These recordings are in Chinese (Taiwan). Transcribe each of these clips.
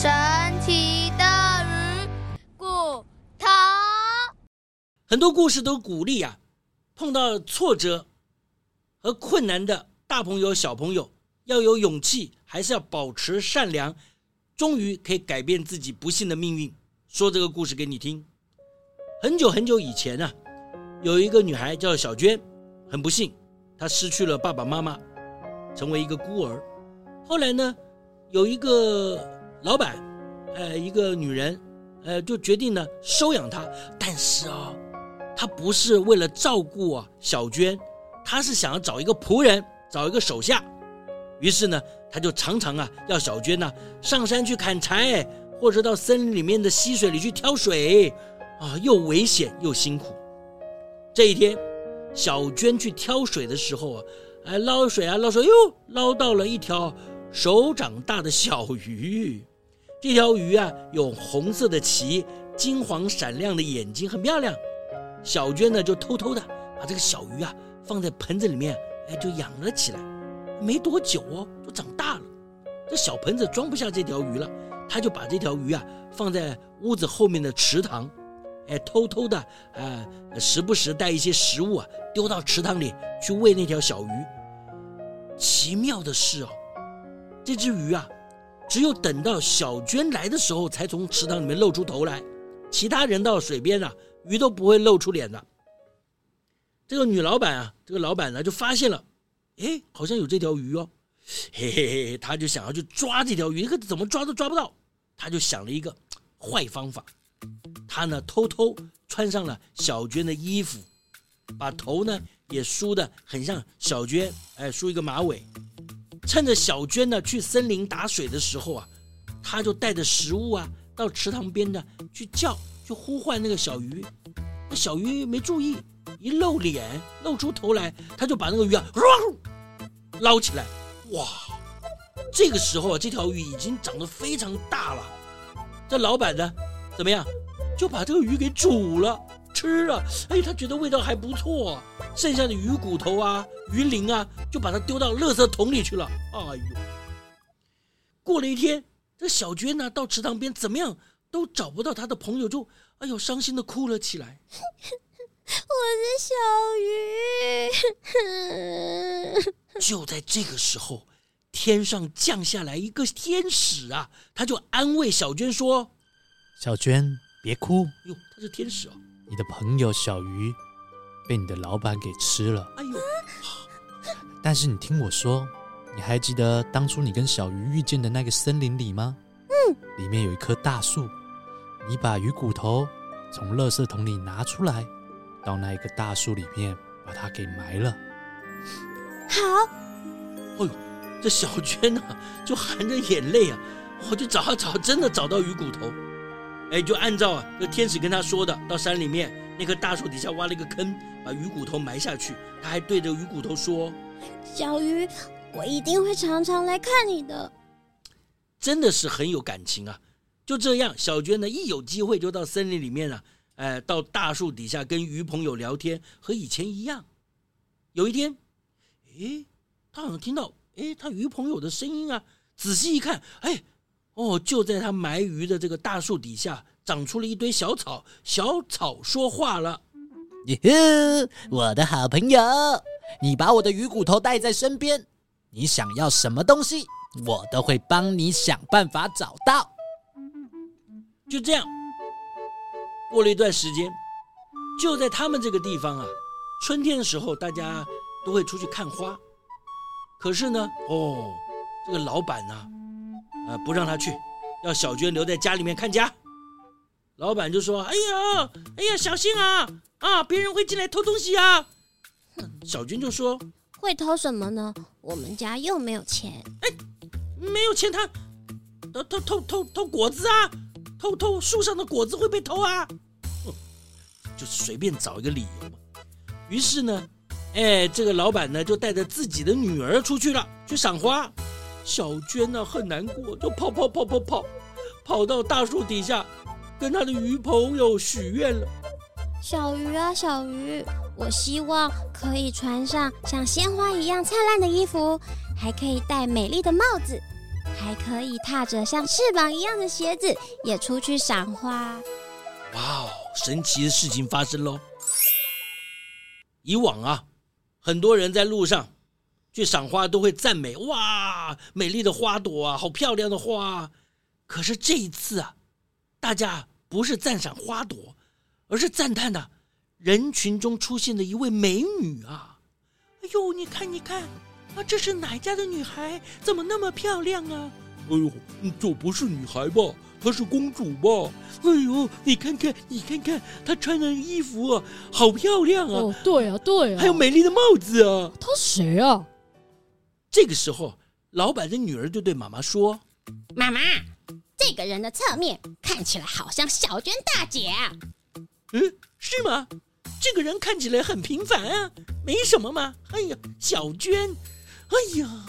神奇的魚骨頭，很多故事都鼓勵啊，碰到挫折和困難的大朋友、小朋友要有勇氣，還是要保持善良，終於可以改變自己不幸的命運。說這個故事給你聽。很久很久以前啊，有一個女孩叫小娟，很不幸，她失去了爸爸媽媽，成為一個孤兒。後來呢，有一個。老闆，呃，一個女人，呃，就決定呢收養她。但是哦、啊，她不是為了照顧啊小娟，她是想要找一個僕人，找一個手下。於是呢，他就常常啊要小娟呢上山去砍柴，或者到森林裡面的溪水裡去挑水，啊，又危險又辛苦。這一天，小娟去挑水的時候啊，哎，撈水啊，撈水，喲，撈到了一條。手掌大的小魚，這條魚啊有紅色的鰭，金黃閃亮的眼睛，很漂亮。小娟呢就偷偷的把這個小魚啊放在盆子裡面，哎，就養了起來。沒多久哦，就長大了。這小盆子裝不下這條魚了，她就把這條魚啊放在屋子後面的池塘，哎，偷偷的啊，時不時帶一些食物啊丟到池塘裡去餵那條小魚。奇妙的是哦，這隻魚啊，只有等到小娟來的時候，才從池塘裡面露出頭來。其他人到水邊呢、啊，魚都不會露出臉的。這個女老板啊，這個老板呢，就發現了，誒,好像有這條魚哦，嘿嘿嘿，他就想要去抓這條魚，可、那個、怎麼抓都抓不到。他就想了一個壞方法，他呢偷偷穿上了小娟的衣服，把頭呢也梳得很像小娟，哎，梳一個馬尾。趁着小娟呢去森林打水的時候啊，他就帶着食物啊到池塘邊呢去叫，去呼喚那個小魚。那小魚沒注意，一露臉露出頭來，他就把那個魚啊撈起來。哇，這個時候啊，這條魚已經長得非常大了。這老板呢，怎麼樣，就把這個魚給煮了。吃了、啊，哎，他覺得味道還不錯、啊，剩下的魚骨頭啊、魚鱗啊，就把它丟到垃圾桶裡去了。哎呦，過了一天，這小娟呢、啊、到池塘邊，怎麼樣都找不到她的朋友，就哎呦傷心地哭了起來。我是小魚。 就在這個時候，天上降下來一個天使啊，他就安慰小娟說：“小娟，別哭。哎呦”喲，他是天使哦、啊。你的朋友小魚被你的老闆給吃了。哎呦！但是你聽我說，你還記得當初你跟小魚遇見的那個森林裡嗎？嗯。裡面有一棵大樹，你把魚骨頭從垃圾桶裡拿出來，到那一個大樹裡面把它給埋了。好。哎呦，這小娟呢，就含着眼淚啊，我就找啊找，真的找到魚骨頭。哎，就按照這、啊、天使跟他說的，到山裡面那棵大樹底下挖了一個坑，把魚骨頭埋下去。他還對着魚骨頭說、哦：“小魚，我一定會常常來看你的。”真的是很有感情啊！就這樣，小娟呢，一有機會就到森林裡面啊，哎、呃，到大樹底下跟魚朋友聊天，和以前一樣。有一天，哎，他好像聽到哎，他魚朋友的聲音啊！仔細一看，哎。哦，oh, 就在他埋魚的這個大樹底下，長出了一堆小草。小草說話了：“你， 我的好朋友，你把我的魚骨頭帶在身邊，你想要什麼東西，我都會幫你想辦法找到。”就這樣，過了一段時間，就在他們這個地方啊，春天的時候，大家都會出去看花。可是呢，哦，這個老闆啊。呃、啊，不讓他去，要小娟留在家裡面看家。老闆就說：“哎呀，哎呀，小心啊啊，別人會進來偷東西啊！”哼，小娟就說：“會偷什麼呢？我們家又沒有錢。”哎，沒有錢他，他偷偷偷偷偷果子啊，偷偷樹上的果子會被偷啊。哼、哦，就是隨便找一個理由嘛。於是呢，哎，這個老闆呢就帶着自己的女兒出去了，去賞花。小娟呢、啊、很難過，就跑跑跑跑跑，跑到大樹底下，跟她的魚朋友許願了。小魚啊小魚，我希望可以穿上像鮮花一樣燦爛的衣服，還可以戴美麗的帽子，還可以踏着像翅膀一樣的鞋子，也出去賞花。哇哦，神奇的事情發生嘍！以往啊，很多人在路上。去賞花都會讚美哇，美麗的花朵啊，好漂亮的花。可是這一次啊，大家不是讚賞花朵，而是讚嘆的啊，人群中出現的一位美女啊！哎呦，你看，你看啊，這是哪家的女孩？怎麼那麼漂亮啊？哎呦，這不是女孩吧？她是公主吧？哎呦，你看看，你看看，她穿的衣服啊，好漂亮啊，哦！對啊，對啊，還有美麗的帽子啊！她誰啊？這個時候，老闆的女兒就對媽媽說：“媽媽，這個人的側面看起來好像小娟大姐。”“嗯，是嗎？這個人看起來很平凡啊，沒什麼嘛。”“哎呀，小娟，哎呀，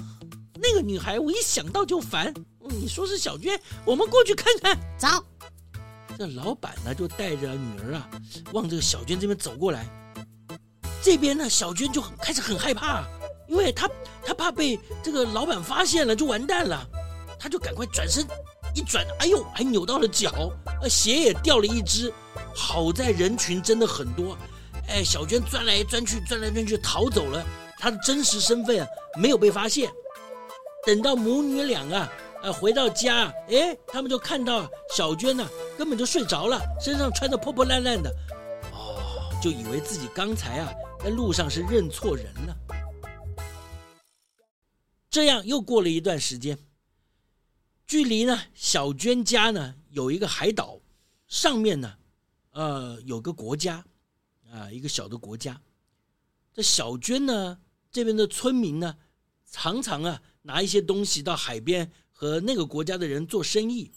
那個女孩，我一想到就煩。”“你說是小娟，我們過去看看。”“走。”這老闆呢，就帶着女兒啊，往這個小娟這邊走過來。這邊呢，小娟就很開始很害怕。因為他他怕被這個老闆發現了就完蛋了，他就趕快轉身，一轉，哎呦，還扭到了腳，鞋也掉了一隻。好在人群真的很多，哎，小娟鑽來鑽去，鑽來鑽去，逃走了。她的真實身份、啊、沒有被發現。等到母女倆啊，回到家，哎，他們就看到小娟呢、啊，根本就睡着了，身上穿的破破爛爛的，哦，就以為自己剛才啊在路上是認錯人了。這樣又過了一段時間，距離呢，小娟家呢有一個海島，上面呢，呃，有個國家，啊、呃，一個小的國家。這小娟呢這邊的村民呢，常常啊拿一些東西到海邊和那個國家的人做生意。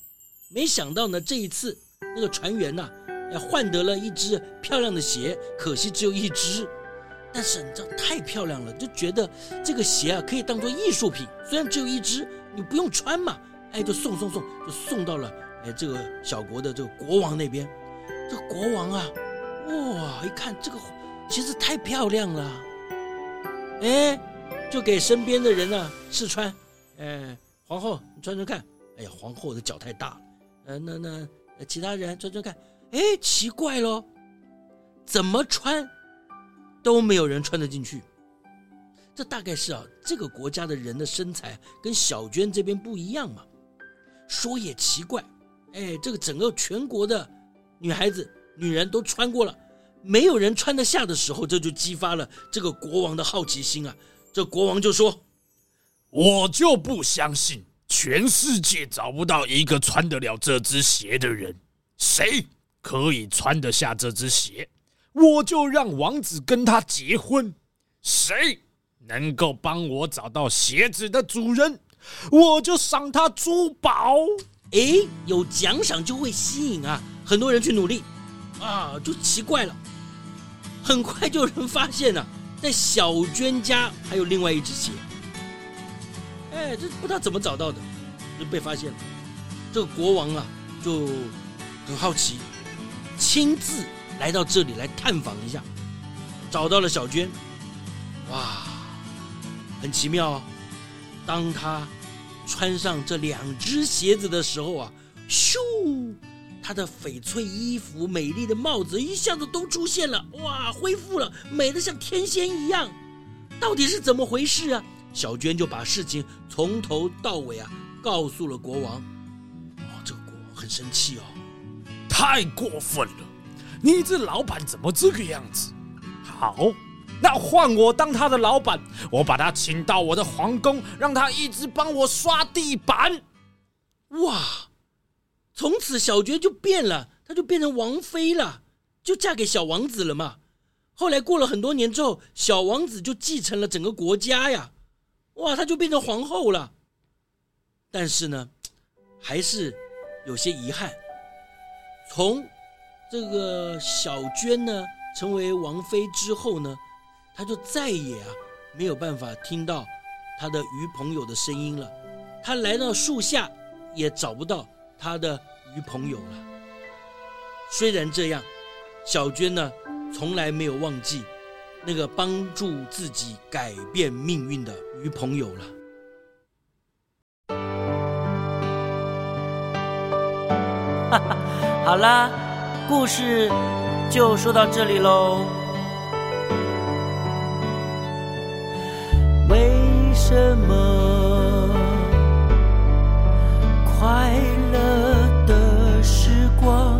沒想到呢這一次那個船員呢，換得了一隻漂亮的鞋，可惜只有一隻。但是你知道太漂亮了，就覺得這個鞋啊可以當做藝術品。雖然只有一隻，你不用穿嘛，哎，就送送送，就送到了哎這個小國的這個國王那邊。這個、國王啊，哇，一看這個鞋子太漂亮了，哎，就給身邊的人呢、啊、試穿。哎，皇后你穿穿看，哎呀，皇後的腳太大了。呃，那那其他人穿穿看，哎，奇怪咯，怎麼穿？都沒有人穿得進去，這大概是啊，這個國家的人的身材跟小娟這邊不一樣嘛。說也奇怪，哎，這個整個全國的女孩子、女人都穿過了，沒有人穿得下的時候，這就激發了這個國王的好奇心啊。這國王就說：“我就不相信全世界找不到一個穿得了這隻鞋的人，誰可以穿得下這隻鞋？”我就讓王子跟他結婚，誰能夠幫我找到鞋子的主人，我就賞他珠寶。哎，有獎賞就會吸引啊很多人去努力啊，就奇怪了。很快就有人發現了啊，在小娟家還有另外一隻鞋。哎，這不知道怎麼找到的，就被發現了。這個國王啊，就很好奇，親自。來到這裡來探訪一下，找到了小娟，哇，很奇妙哦。當她穿上這兩隻鞋子的時候啊，咻，她的翡翠衣服、美麗的帽子一下子都出現了，哇，恢復了，美得像天仙一樣。到底是怎麼回事啊？小娟就把事情從頭到尾啊告訴了國王。哦，這個國王很生氣哦，太過分了。你這老板怎麼這個樣子？好，那換我當他的老板，我把他請到我的皇宮，讓他一直幫我刷地板。哇！從此小爵就變了，他就變成王妃了，就嫁給小王子了嘛。後來過了很多年之後，小王子就繼承了整個國家呀。哇，他就變成皇後了。但是呢，還是有些遺憾。從這個小娟呢，成為王妃之後呢，她就再也啊沒有辦法聽到她的魚朋友的聲音了。她來到樹下，也找不到她的魚朋友了。雖然這樣，小娟呢，從來沒有忘記那個幫助自己改變命運的魚朋友了。哈哈，好啦。故事就說到這裡嘍。為什麼快樂的時光？